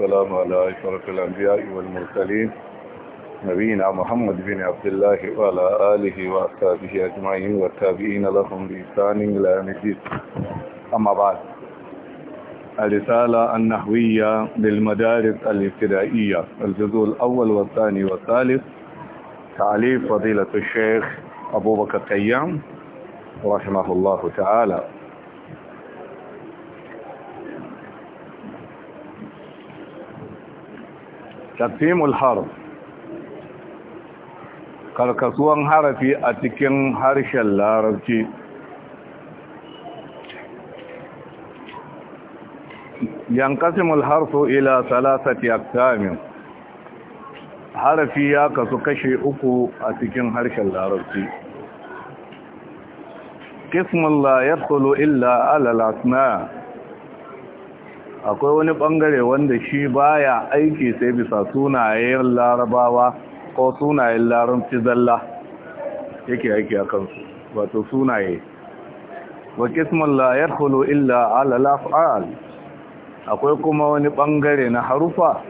والسلام على أشرف الأنبياء والمرسلين نبينا محمد بن عبد الله وعلى آله وأصحابه أجمعين والتابعين لهم بإحسان إلى يوم الدين أما بعد الرسالة النحوية للمدارس الابتدائية الجزء الأول والثاني والثالث تعليف فضيلة الشيخ أبو بكر قيام رحمه الله تعالى tafhimul harf karkasuwan harafi a cikin harshen larabci yankasimul harfu ila salasati aktamin harafi ya kasu kashe uku a cikin harshen larabci kismun la yadkhulu illa ala al-asma' akwai wani bangare wanda shi baya aiki sai bisa sunayen larabawa ko sunayen larabci zalla yake aiki a kansu wato sunaye wa kisman la yadkhulu illa ala laf'al akwai kuma wani bangare na harufa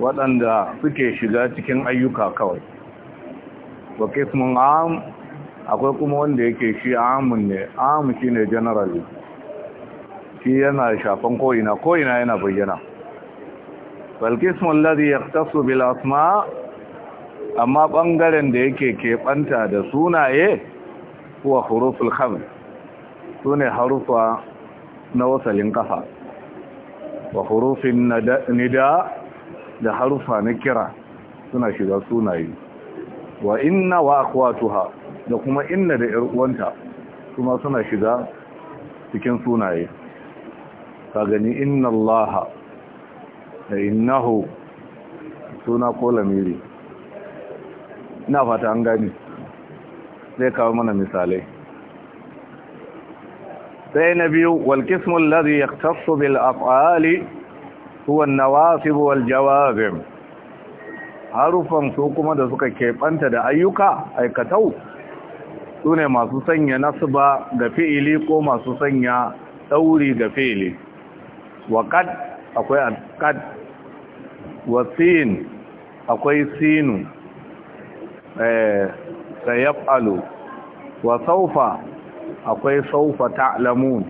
waɗanda suke shiga cikin ayyuka kawai wa kisman am akwai kuma wanda yake shi amun ne amun ne generally shi yana shafan ko'ina ko'ina yana bayyana falkismun lari ya tasu bil asma amma ɓangaren da yake keɓanta da sunaye kuwa huruful Khamis su ne harufa na wasalin kafa wa hurufin nida da harufa na kira suna shiga sunaye wa inna wa akwatuha da kuma inna da 'yar kuma suna shiga cikin sunaye ka gani inna Allah da innahu suna ko lamiri ina fata an gani zai kawo mana misalai sai na biyu walƙismun lari ya bil afali suwan nawasib wal jawabin harufan su kuma da suka keɓanta da ayyuka aikatau su ne masu sanya nasba ga fi'ili ko masu sanya tsauri ga fi'ili wa akwai al-qad wa sin akwai sinu eh sayaf'alu wa sawfa akwai sawfa ta'lamun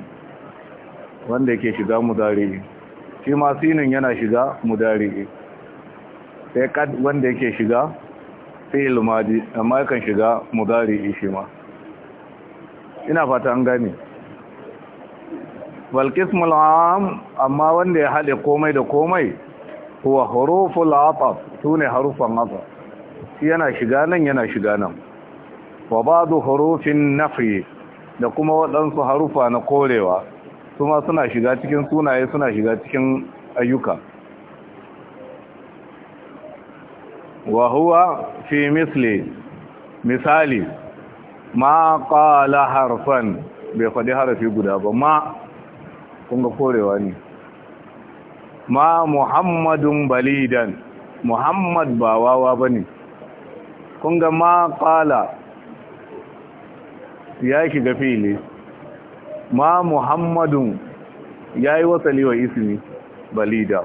wanda yake shiga mudari shi ma sinin yana shiga mudari sai kad wanda yake shiga fi'il madi amma kan shiga mudari shi ma ina fata an gane walƙismul am amma wanda ya hade komai da komai huwa huruful ataf su ne harufan ataf yana shiga nan yana shiga nan wa ba'du hurufin nafi da kuma waɗansu harufa na korewa su suna shiga cikin sunaye suna shiga cikin ayyuka wa huwa fi misli misali ma qala harfan bai faɗi harfi guda ba ma Kunga korewa ne ma muhammadun balidan muhammad ba wawa ba ne Kunga ma kala ya shiga fili ma muhammadun ya yi wasali wa ismi balida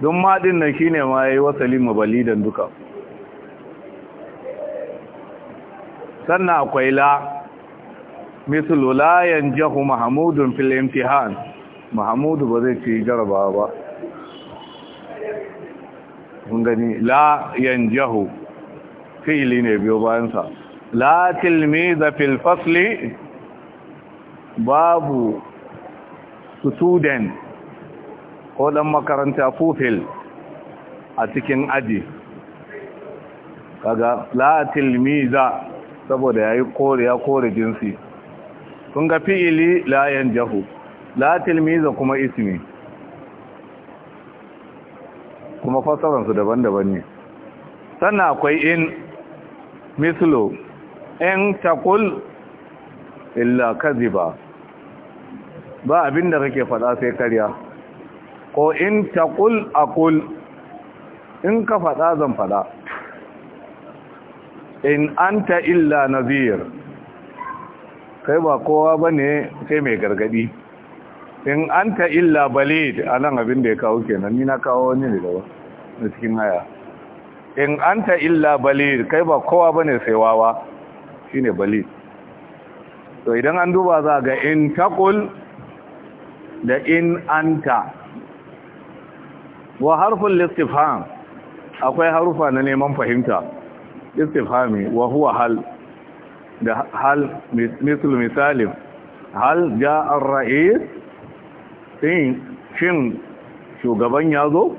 don maɗin nan shi ma ya yi wasali ma balidan duka sannan akwai la mislu la yanjahu mahmudun fil imtihan mahmudu ba zai ci jarabawa ba kun gani la yanjahu fi'li ne biyu bayansa. sa tilmiza fil fasli babu student ko dan makaranta fufil a cikin aji kaga la tilmiza saboda yayi kore ya kore jinsi kun ga fi'ili layan jahu la tilmiza kuma ismi kuma fasaransu daban-daban ne sannan akwai in mislo in takul illa kaziba ba abinda kake fada sai karya ko in takul akul in ka fada zan fada in anta illa nazir kai ba kowa ba ne sai mai gargadi in an ta illa balid a nan abin da ya kawo kenan ni na kawo wani ne da wani cikin haya in an ta illa balid kai ba kowa ba ne sai wawa shi ne balid to idan an duba za ga in takul da in ta wa harfin listifan akwai harufa na neman fahimta istifhami wa huwa hal da hal misal misalim, hal ja ar-ra'is tin shin shugaban ya zo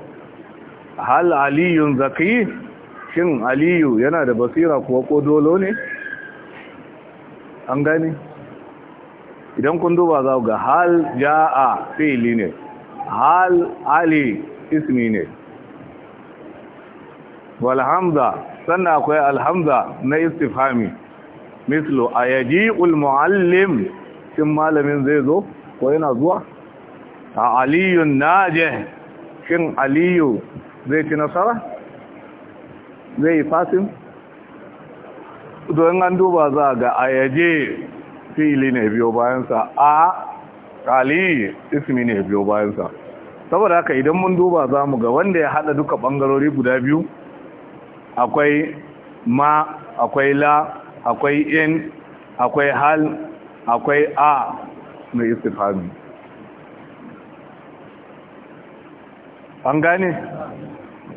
hal aliyun zaki shin aliyu yana da basira kuwa ko dolo ne an gani idan kun duba za ga hal ja'a fi'li ne hal ali ismi ne wal hamza sannan akwai alhamza na istifhami Mislo, a yaji ulmuallim shin malamin zai zo ko yana zuwa a aliyun naje shin aliyu zai ci nasara zai yi fasin don an duba za ga a yaje fili ne biyo bayansa a aliyu ismi ne biyo bayansa saboda haka idan mun duba za mu ga wanda ya hada duka bangarori guda biyu akwai ma akwai la akwai in akwai hal akwai a mai istifami an gane?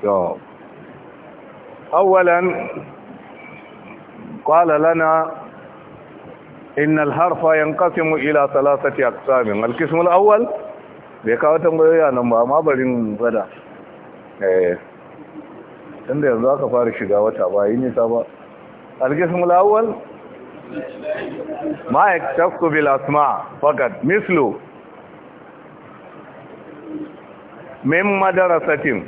yau awalan kwala lana inna alharfa mu ila thalathati aqsamin alqism alawwal bai kawo tambayoyi nan ba amma barin fada eh Inda yanzu aka fara shiga wata ba yi nisa ba القسم الأول ما اكتفت بالأسماء فقط مثل من مدرسة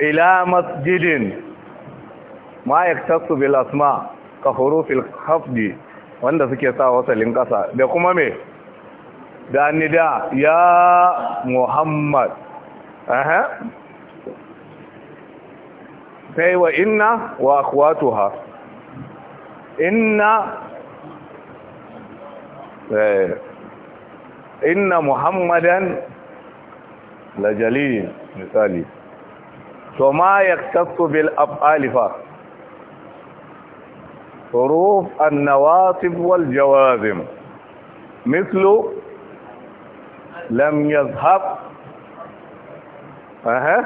إلى مسجد ما اكتفت بالأسماء كحروف الخفض وانا suke sa انقصى ƙasa امي kuma me يا محمد ya فهي aha وأخواتها إن إن محمدا لجليل مثالي وما يكتص بالأفعال فا حروف النواطب والجوازم مثل لم يذهب أه.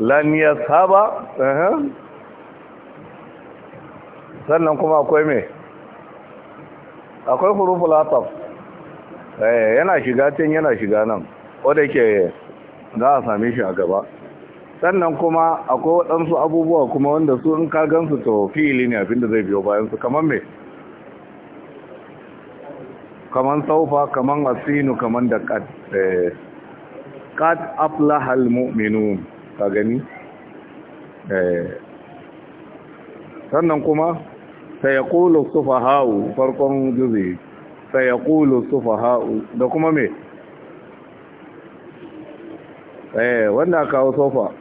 لن يذهب أه. sannan kuma akwai mai akwai huruful eh yana shiga can yana shiga nan wadda ke za a same shi a gaba sannan kuma akwai waɗansu abubuwa kuma wanda su in ka gansu to fili ne abinda zai biyo bayansu kamar mai kamar saufa kamar asinu kamar da kad kad eh, aflahal mu'minu ka gani eh. sannan kuma sayaqulu ha'u, farkon juzi sayaqulu ha'u, da kuma me eh wanda kawo sofa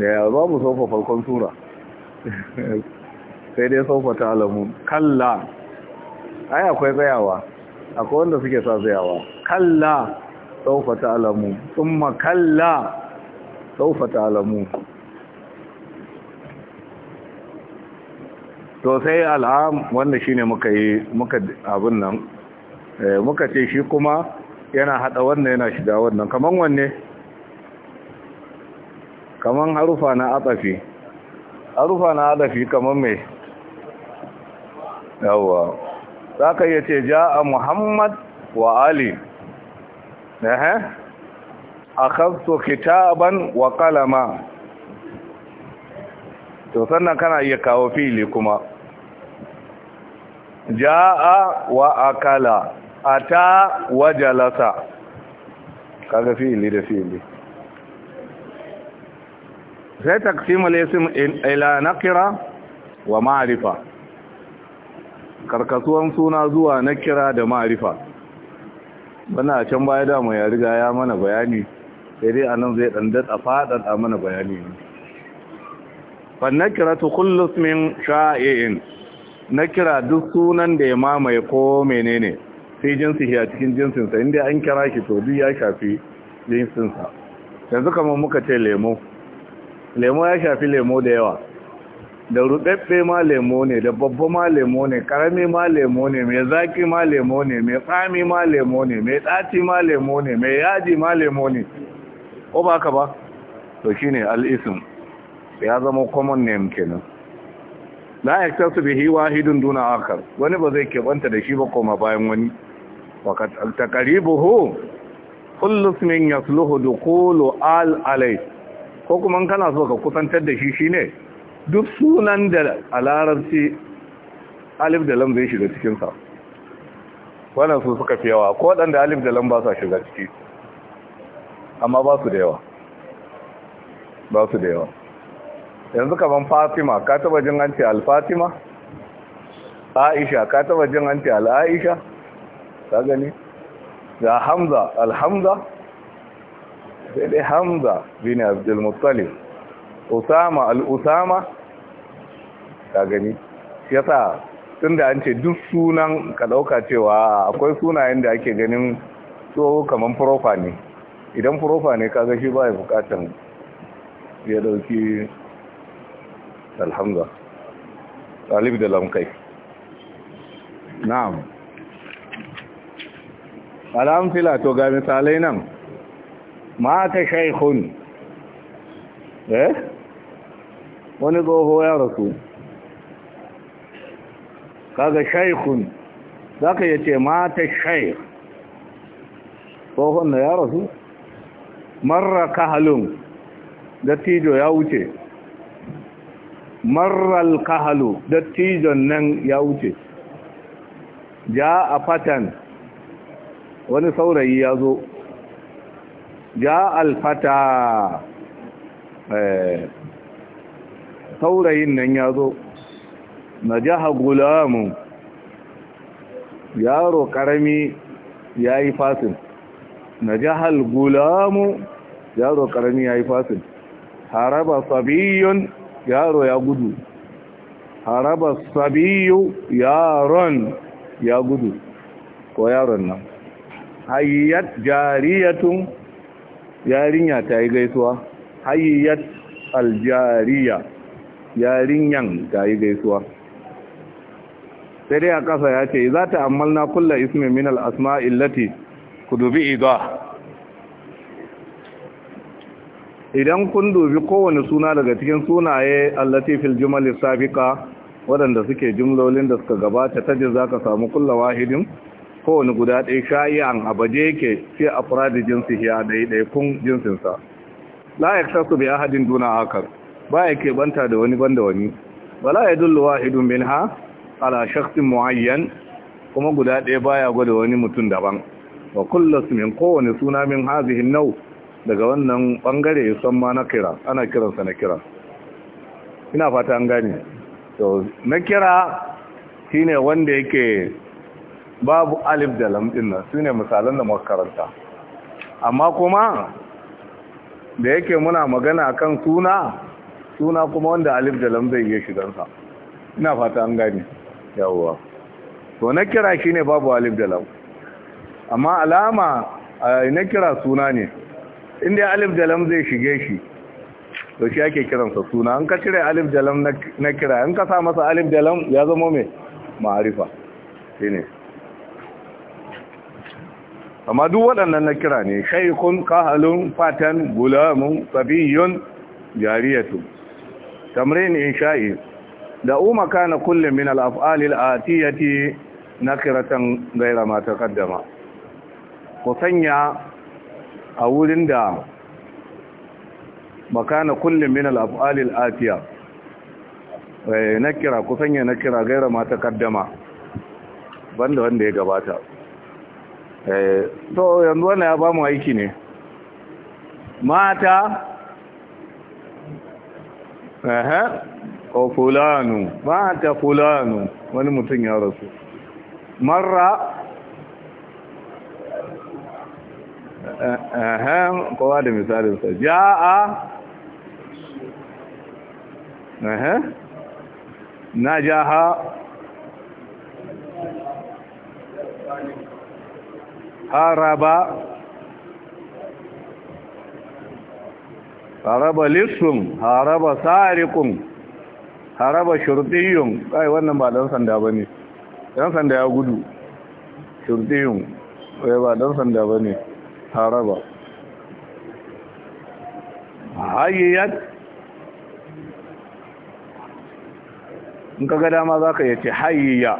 da ya zo mu sofa farkon sura sai dai sofa ta alamu kalla ai akwai tsayawa akwai wanda suke sa tsayawa kalla sofa ta alamu summa kalla sofa ta alamu to sai al'am wanda shine muka yi muka abin nan eh, muka ce shi kuma yana hada wannan yana shiga wannan kaman wanne kaman harufa na atafi harufa na atafi kaman me yawa zaka iya ce ja'a muhammad wa ali ehe akhadtu kitaban wa qalama to sannan kana iya kawo fili kuma ja'a wa akala ata wa jalasa kaga fi'ili da fi'ili sai taqsimul ism ila nakira wa ma'rifa karkasuwan suna zuwa nakira da ma'rifa bana can baya da mu ya riga ya mana bayani sai dai anan zai dan dada fadan a mana bayani fa nakiratu kullu ismin sha'i'in na kira duk sunan da ya mamaye ko menene sai jinsi a cikin jinsinsa inda an kira shi to duk ya shafi jinsinsa yanzu kamar muka ce lemo lemo ya shafi lemo da yawa da rudabbe ma lemo ne da babba ma lemo ne karami ma lemo ne mai zaki ma lemo ne mai tsami ma lemo ne mai tsati ma lemo ne mai yaji ma lemo ne ko ba ka ba to shine al'isim ya zama common name kenan la yaktasu bihi wahidun duna akar wani ba zai kebanta da shi ba koma bayan wani waqad taqribuhu kullu ismin yasluhu duqulu al alai ko kuma kana so ka kusantar da shi shine duk sunan da a alif da lam zai shiga cikin sa wannan su suka fi yawa ko dan da alif da lam ba sa shiga ciki amma ba su da yawa ba su da yawa yanzu kaman fatima ka taba jin an ce al-fatima aisha ka taba jin an ce al-aisha ka gani Da hamza al-hamza sai dai hamza bin abdul muttalib usama al-usama ka gani yasa tunda an ce duk sunan ka dauka cewa akwai sunayen da ake ganin so kaman profa ne idan profa ne kaga shi ba ya bukatan ya dauki alhamza talib da lamkai na'am alhamfila to ga misalai nan mata shaikhun eh wani goho ya rasu kaga shaikhun za ka yace mata shaikh gohon da ya rasu marra kahalun dattijo ya wuce marar kahalo dattijon nan ya wuce ja a fatan wani saurayi ya zo ja alfata eh, saurayin nan ya zo na jaha gulamun yaro karami ya yi fasin na jahal gulamu yaro karami ya yi fasin haraba sabiyyun yaro ya gudu haraba sabiyu yaron ya gudu ko yaron nan hayyat jariyatun yarinya ta yi gaisuwa hayyat aljariya yarinyan ta yi gaisuwa sai dai a ƙasa ya ce za ta ammalna kulla ismin min al'asma'illati ku dubi idah idan kun dubi kowane suna daga cikin sunaye allati fil jumal waɗanda suke jumlolin da suka gabata ta jin zaka samu kullu wahidin kowane guda ɗaya an abaje yake fi afradi jinsi ya ɗaya kun jinsin sa la yaktasu bi ahadin duna akar ba yake banta da wani banda wani wala yadullu wahidun minha ala shakhsin muayyan kuma guda ɗaya baya gwada wani mutum daban wa kullu min kowane suna min hazihi nau' daga wannan bangare ya san ma na kira ana kiransa na kira ina fata an gane to na kira shine wanda yake babu alif da lam din nan ne misalan da makaranta amma kuma da yake muna magana akan suna suna kuma wanda alif da lam zai iya sa, ina fata an gane yawwa to na kira shine babu alif da lam amma alama eh, na kira suna ne inda alif da zai shige shi to shi ake kiransa suna an ka cire alif da na kira an ka sa masa alif da ya zama mai ma'arifa ne amma duk waɗannan na kira ne shaikun kahalun fatan gulamun sabiyun jariyatu tamrin sha'i. da umaka na kullum min al'af'alil atiyati nakiratan gaira ma kaddama ku sanya a wurin da makana kullum min al'af'alil afiya eh, na kira kusan ya na kira gaira mata ta kaddama banda wanda ya gabata so eh, yanzu wanda ya ba mu aiki ne mata ko fulanu mata fulanu wani mutum ya rasu marra ehem kowa da misalinsa ja'a ehem na ha haraba haraba lissun haraba sarikun haraba shurdiyun kai wannan ba dan sanda ba ne dan sanda ya gudu shurdiyun kai ba dan sanda ba ne haraba hayyat in ka ga dama za ka yace hayya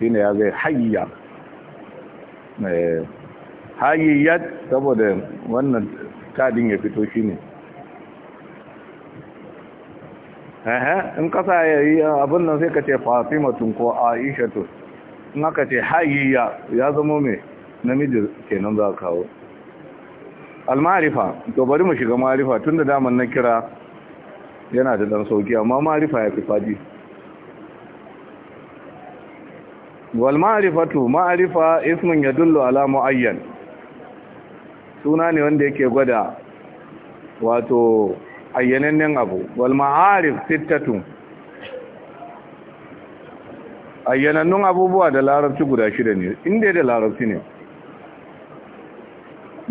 shine ya zai hayya eh, hayyat saboda wannan tadin ya fito shi ne. in kasa ya yi abin nan sai ka ce fatimatun ko Aisha tun. in aka ce hayya ya zama mai namiji kenan za ka kawo al maarifa to bari mu shiga tun tunda daman na kira yana da dan sauki amma maarifa ya fi fadi wal ma'rifatu maarifa ismun yadullu ala muayyan suna ne wanda yake gwada wato ayyanannen abu wal ma'arif sittatun ayyanannun abubuwa da larabci guda shida ne inda da larabci ne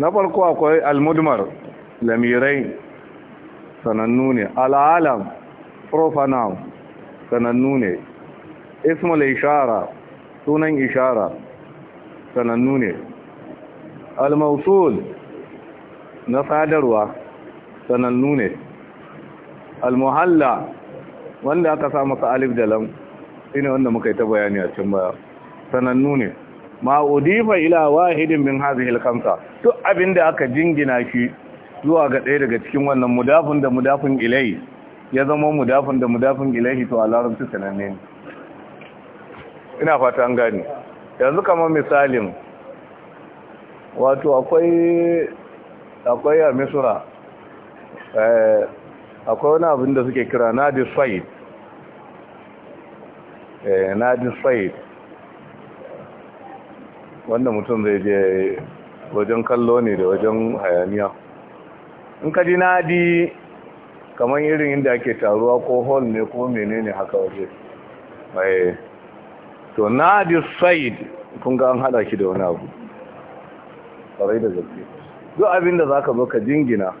na farko akwai almudmar lamirai sanannu ne al'alam profanam sanannu ne ismul ishara sunan ishara sanannu ne almausul na sadarwa sanannu ne almuhalla wanda aka sa masa alif da lam shine wanda muka yi ta bayani a can baya sanannu ne ma udifa ila wahidin min hadhihi al-khamsa duk abinda aka jingina shi zuwa ga ɗaya daga cikin wannan mudafin da mudafin ilai ya zama mudafin da mudafin ilai to a larabci sananne ina fata an gani yanzu kamar misalin wato akwai akwai a misura eh, akwai wani abin da suke kira nadis faid eh, nadis faid wanda mutum zai je wajen kallo ne da wajen hayaniya in ka ji nadi kamar irin inda ake taruwa ko hall ne ko menene haka waje mai to nadi said kun ga an hada ki da wani abu farai da zafi. duk abin da zaka zo ka jingina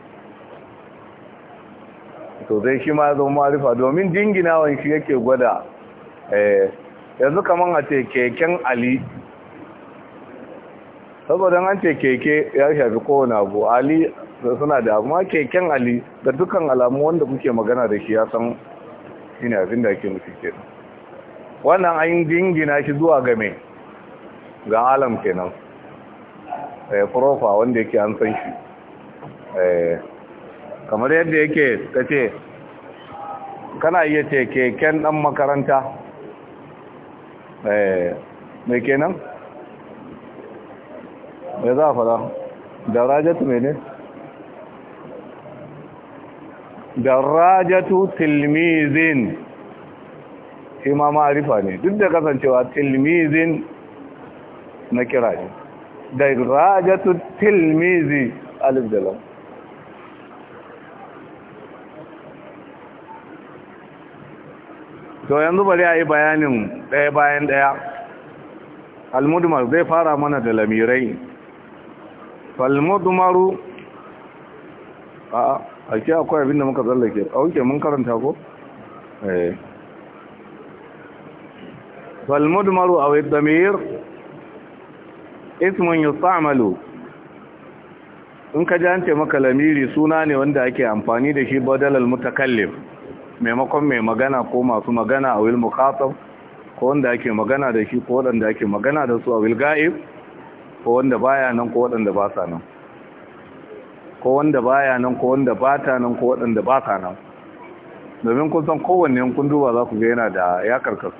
to zai shi ma zo marifa domin jinginawan shi yake gwada eh, yanzu kamar a ce keken ali saboda an ce keke ya shafi kowane abu ali suna da abu. Ma keken ali da dukkan alamu wanda kuke magana da shi ya san shine abin da ake nufi wannan an jingina shi zuwa game ga alam kenan eh profa wanda yake an san shi eh, kamar yadda yake kace kana iya ce keken dan makaranta eh kenan ya za a fara darajatu mai ne darajatu tilmizin shi ma ma'arifa ne duk da kasancewa tilmizin na kira ne darajatu tilmizi alif dalam to yanzu bari a yi bayanin ɗaya bayan ɗaya almudmar zai fara mana da lamirai falmudumaru a ke akwai abinda muka tsallake auke mun karanta ko? eh falmudumaru a wai damir ismin yustamalu in ka jance maka lamiri suna ne wanda ake amfani da shi badalal mutakallim maimakon mai magana ko masu magana a wil mukhatab ko wanda ake magana da shi ko wanda ake magana da su a wil ga'ib ko wanda baya nan ko waɗanda ba sa nan ko wanda baya nan ko wanda ba ta nan ko waɗanda ba sa nan domin kun san kowanne kun duba za ku ga yana da ya karkasu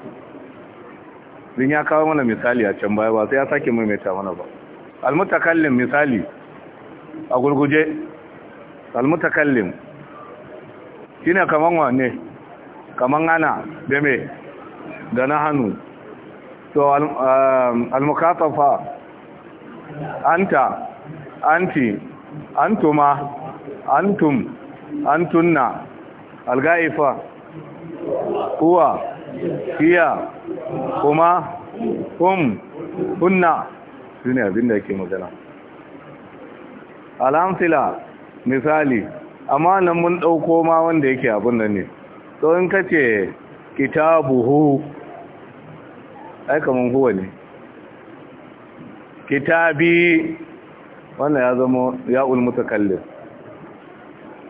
din ya kawo mana misali a can baya ba sai ya sake maimaita mana ba almutakallim misali a gurguje almutakallim shine kaman wane kaman ana da me da na hannu to um, almukatafa anta anti antuma antum antunna alga'ifa huwa hiya kuma hum hunna shine abin da yake magana alamsila misali amma nan mun dauko ma wanda yake abin nan ne to in kace kitabuhu ai kaman huwa ne kitabi wannan ya zama ulmuta mutakallim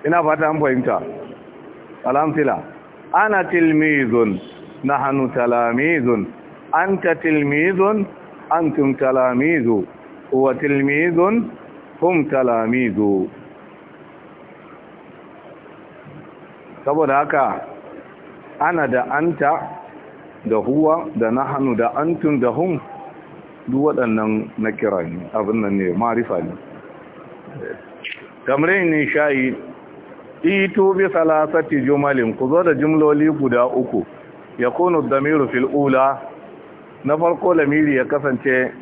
ina fata an fahimta alhamdulillah ana tilmizun hannu talamizun anta tilmizun antum talamizu huwa tilmizun hum talamizu saboda haka ana da anta da huwa da nahnu da antun da hum duk waɗannan na kira ne abin nan ne marifa ne Kamar yin nishayi ito bi salasati jumalin ku zo da jimloli guda uku ya kunu damiru Filula ula na farko lamiri ya kasance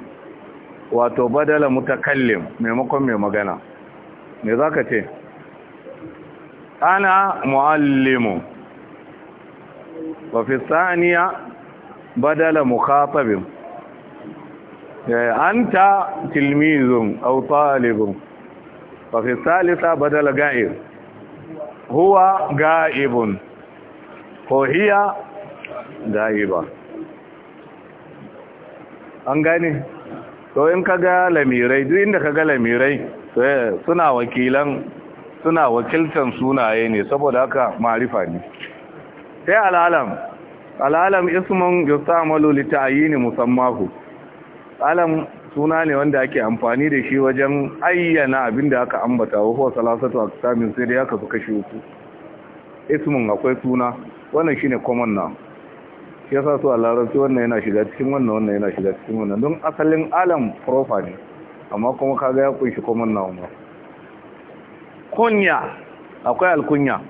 wato badala mutakallim maimakon mai magana me ka ce ana muallimu wa fi saniya badala mukhatabin Eh, anta tilmizun aw talibun fa fi thalitha badal ga'ib huwa ga'ibun ko hiya ga'iba an gane to in ka ga lamirai duk inda ka ga lamirai eh, suna wakilan suna wakiltan sunaye ne saboda haka marifa ne sai al'alam al'alam ismun yustamalu li ta'yin musammahu alam suna ne wanda ake amfani da shi wajen ayyana abin da aka ambata wa huwa salasatu aqsamin sai da ya kasu kashi uku ismun akwai suna wannan shine common na, shi sa su a larabci wannan yana shiga cikin wannan wannan yana shiga cikin wannan don asalin alam profa ne amma kuma kaga ya kunshi common na. ba kunya akwai alkunya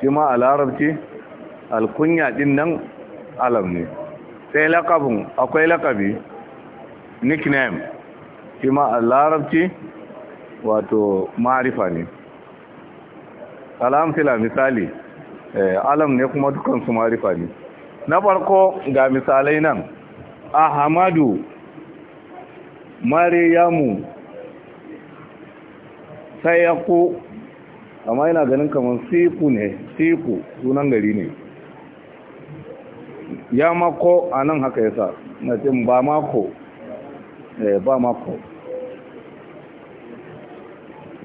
shi ma a larabci alkunya din nan alam ne sai lakabin akwai lakabi nickname shi ma a larabci wato marifa ne alamfila misali eh, alam ne kuma dukansu marifa ne na farko ga misalai nan ahamadu mariyamu sayaku amma yana ganin kamar siku ne siku sunan gari ne ya mako a nan haka ya sa na cin ba mako eh, ba mako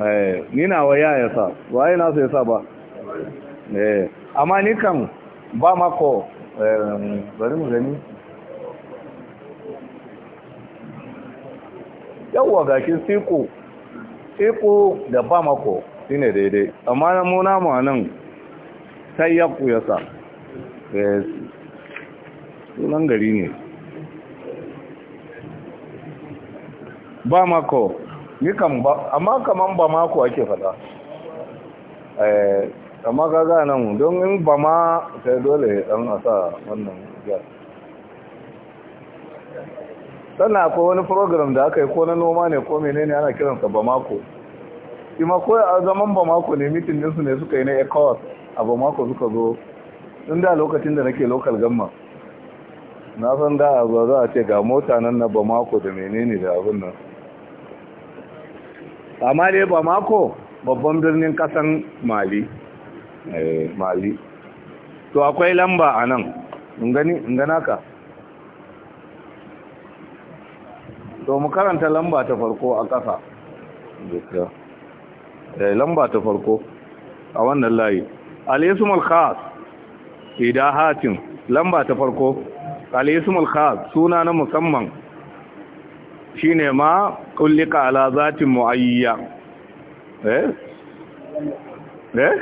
eh, ni na wa ya ya sa waye na nasu ya sa ba eh, amma ni kan ba mako bari mu gani yawwa gakin siku siko da ba mako shi ne daidai amma na muna ma nan sai ya sa sunan gari ne ba mako nikan ba amma kaman ba mako ake fada eh amma kaga nan don in ba ma sai dole dan asa wannan gas sannan akwai wani program da aka yi ko na noma ne ko menene ana kiransa ba mako ima ko a zaman ba mako ne mitin ɗinsu ne suka yi na ecowas a ba mako suka zo inda lokacin da nake local gamma na san da a za a ce ga mota nan na Bamako da menene da abin nan amma dai bamako babban birnin kasan mali eh, mali to akwai lamba a nan ingana ka to mu karanta lamba ta farko a ƙasa eh, lamba ta farko a wannan layi al-ismul khas idahatin lamba ta farko al-ismul khas suna na musamman shine ma kullika ala zatin muayya eh eh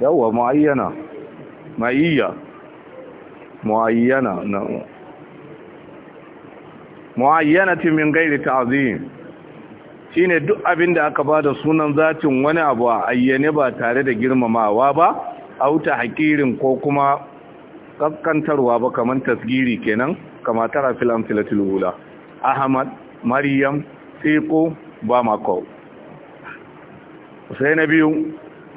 yawa muayyana muayya muayyana na muayyanatin min gairi ta'zim shine duk abin da aka bada sunan zatin wani abu a ayyane ba tare da girmamawa ba auta hakirin ko kuma kaskantarwa ba kamar tasgiri kenan kama tara filan hula ahmad maryam siko ba mako sai na biyu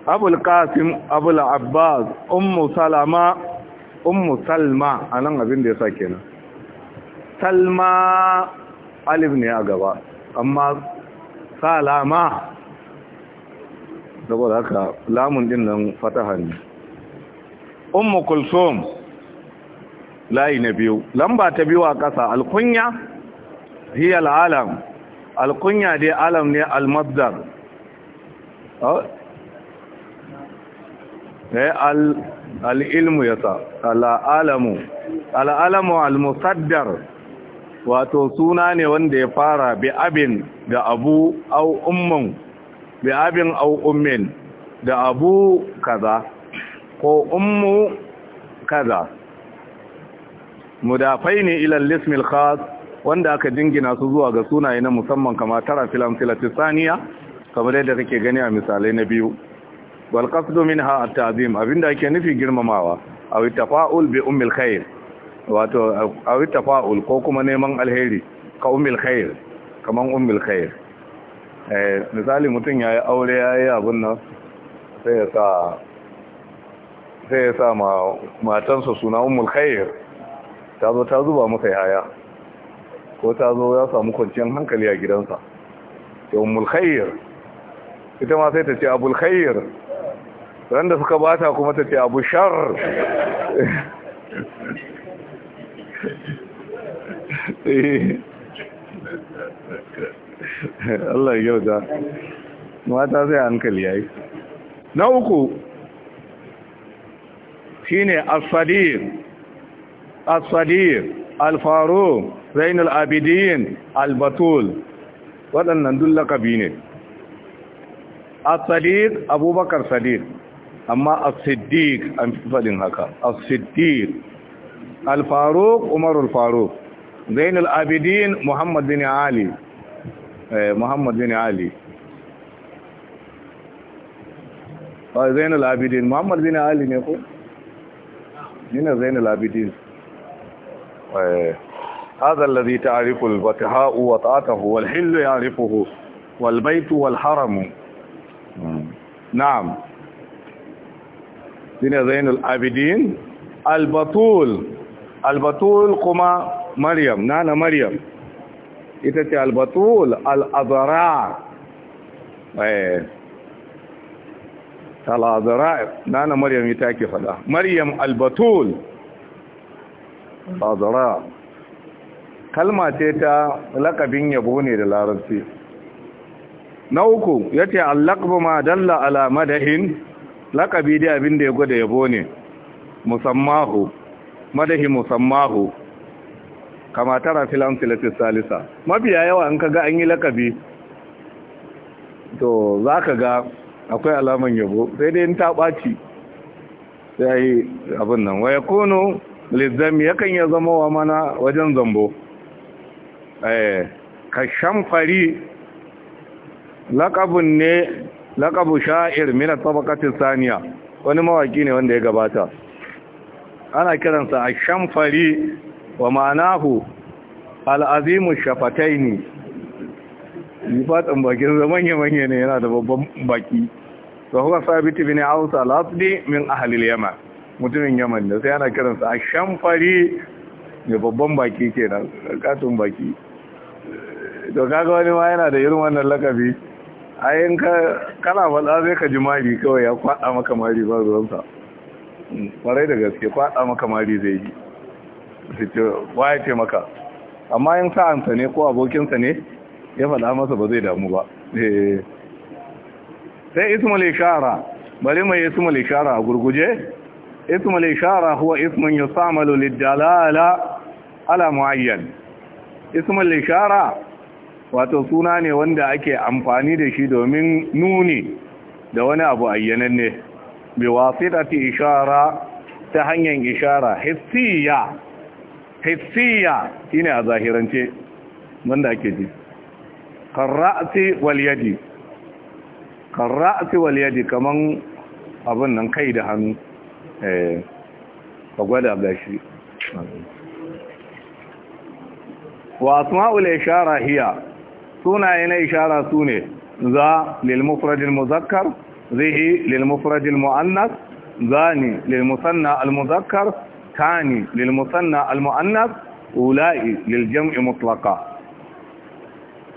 abul qasim abul abbas ummu salama ummu salma anan abin da yasa kenan salma alif ne a gaba amma salama saboda haka lamun din nan fataha ne ummu kulsum layi na biyu lamba ta biyu a ƙasa alkunya hiyar al'alam alkunya dai alam ne almasdar oh. eh, al'ilmu ya sa al'alamu al'alamu al-musaddar wato suna ne wanda ya fara bi abin da abu au ummin bi abin au ummin da abu kaza ko ummu kaza mudafai ne ilal lismil khas wanda aka jingina su zuwa ga sunaye na musamman kama tara filam filati saniya kamar yadda kake gani a misalai na biyu wal qasdu minha at-ta'zim abinda ake nufi girmamawa aw tafa'ul bi ummil khair wato aw tafa'ul ko kuma neman alheri ka ummil khair kaman ummil khair eh misali mutun yayi aure yayi abun nan sai ya sa sai ya sa ma matansa suna ummul khair ta zo ta zuba masa yaya ko ta zo ya samu kwanciyar hankali a gidansa yau mulkhayyar ita ma sai ta ce abu khayyar ran da suka bata kuma ta ce abu shar Allah yau da mata sai hankali yi na uku shine ne asfadiyar الصديق الفاروق زين العابدين البطول ولن ندلك بينه الصديق ابو بكر صديق اما الصديق ام هكا الصديق الفاروق عمر الفاروق زين العابدين محمد بن علي إيه، محمد بن علي آه، زين العابدين محمد بن علي نقول هنا زين العابدين إيه. هذا الذي تعرف البكهاء وطاته والحل يعرفه والبيت والحرم نعم دين زين العابدين البطول البطول قما مريم نانا مريم إتتي البطول الأضراع الأضراع إيه. نانا مريم يتاكي فلا مريم البطول azra kalma ce ta lakabin yabo ne da larabci na uku yace allakabu ma dalla ala madahin lakabi dai abin da ya gwada yabo ne musammahu madahi musammahu kama tara filan silatis salisa mafiya yawa an kaga an yi lakabi to za ka ga akwai alaman yabo sai dai in ta ɓaci sai abin nan waya kono lizzami yakan ya zama wa mana wajen zambo eh, ka shamfari laƙabun ne laƙabu sha'ir mina tabakatin saniya wani mawaki ne wanda ya gabata ana kiransa a shamfari wa ma'anahu al'azimu shafatai ne bakin manya-manya ne yana da babban baki da kuka sabiti bin hausa lasdi min ahalil yamma mutumin yaman da sai ana kiransa a shamfari da babban baki kenan katon baki to kaga wani ma yana da irin wannan lakabi a ka kana faɗa zai ka ji mari kawai ya kwaɗa maka mari ba zuwansa mm, ƙwarai da gaske kwaɗa maka mari zai yi su ce ba ya ce maka amma yin sa'ansa ne ko abokinsa ne ya faɗa masa ba zai damu ba eh. sai ismul ishara bari mai ismul ishara a gurguje اسم الإشارة هو اسم يستعمل للدلالة على معين اسم الإشارة wato suna ne wanda ake amfani da shi domin nuni da wani abu ayyananne bi wasitati ishara ta hanyar ishara hissiya hissiya shine a zahirance wanda ake ji qarra'ti wal yadi qarra'ti wal yadi kaman abun nan kai da hannu Eh, ka gwada gashi wa ishara hiya sunaye na ishara sune za lil mufradil muzakkar zihi lil muannas zani lil musanna al muzakkar tani lil musanna al muannas ulai lil jam'i mutlaqa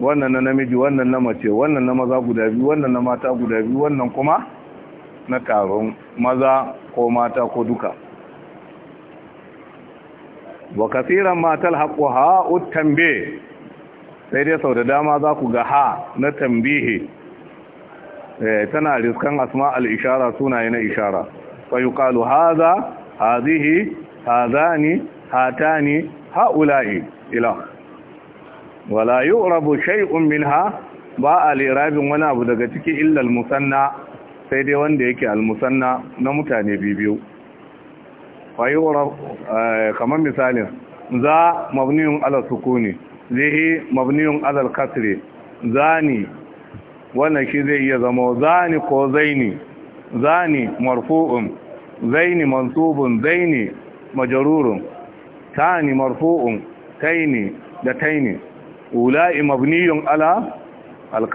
wannan na namiji wannan na mace wannan na maza guda biyu wannan na mata guda biyu wannan kuma na taron maza ko mata ko duka wa kasiran matal haƙo ha'ut tambe sai dai sau da dama za ku ga ha na tambihi eh, tana riskan asma ishara sunaye na ishara fayuƙalu haza hazihi hazani hatani ha'ula'i ila wala yu'rabu shay'un minha ba a lirabin wani abu daga ciki illal musanna sai dai wanda yake almusanna na mutane biyu wayi eh, kamar misalin za mabniyun alal sukuni zihi mabniyun alal kasri zani wannan shi zai iya zama zani ko zaini zani marfu'un zaini mansubun zaini majarurun tani marfu'un taini da taini ula'i mabniyun ala al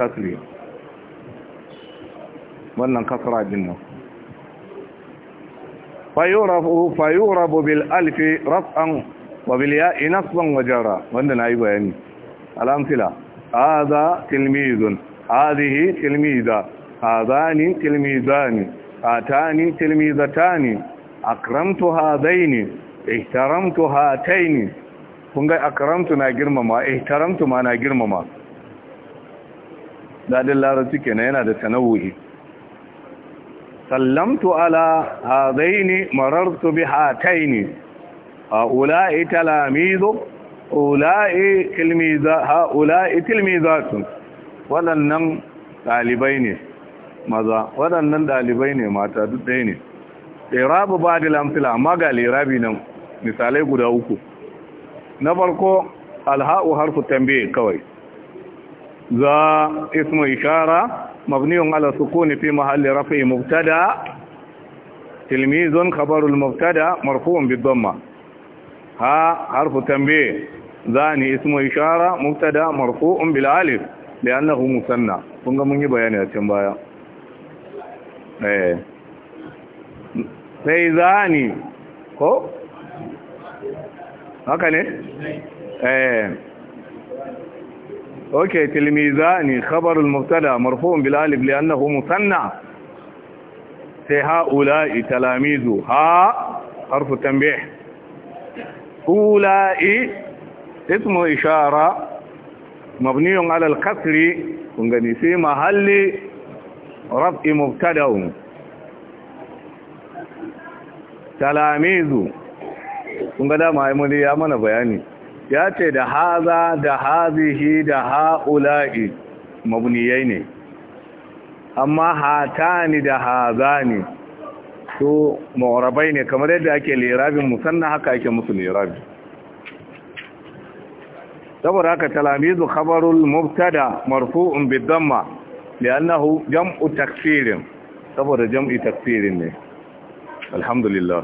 wannan kasra din nan fayurafu fayurabu bil alfi raf'an wa bil ya nasban wa jarra wanda nayi bayani al-amthila hadha tilmizun hadhihi tilmiza hadani tilmizani atani tilmizatani akramtu hadaini ihtaramtu hataini kun ga akramtu na girmama ihtaramtu ma na girmama dadin larabci kenan yana da tanawuhi sallamtu ala hadaini marartu bi hataini haula'i talamizu ula'i tilmiza haula'i tilmizatun Wadannan dalibai ne maza wadannan dalibai ne mata duk ɗaya ne irabu badil da lamfila maga lirabi nan misalai guda uku na farko alha'u harfu tambaye kawai za ismu ishara مبني على السكون في محل رفع مبتدا تلميذ خبر المبتدا مرفوع بالضمه ها حرف تنبيه ذاني اسم اشاره مبتدا مرفوع بالالف لانه مثنى kun ga mun yi bayani a can baya eh sai zani ko haka ne eh اوكي في خبر المبتدا مرفوع بالالف لانه مثنى سي هؤلاء تلاميذ ها حرف تنبيه أولئي اسم اشاره مبني على الكسر ونغني في محل رفع مبتدا تلاميذ kun ما يمدي يا muli بياني ya ce da haza da hazihi da ha'ula'i mabniyai ne amma hata ni da haza ne to ma’urabai ne kamar yadda ake lirabin musanna haka ake musu lirabi saboda haka talamizu khabarul mubtada marfu'un bidamma li'annahu jam'u taksirin saboda jam'i taksirin ne alhamdulillah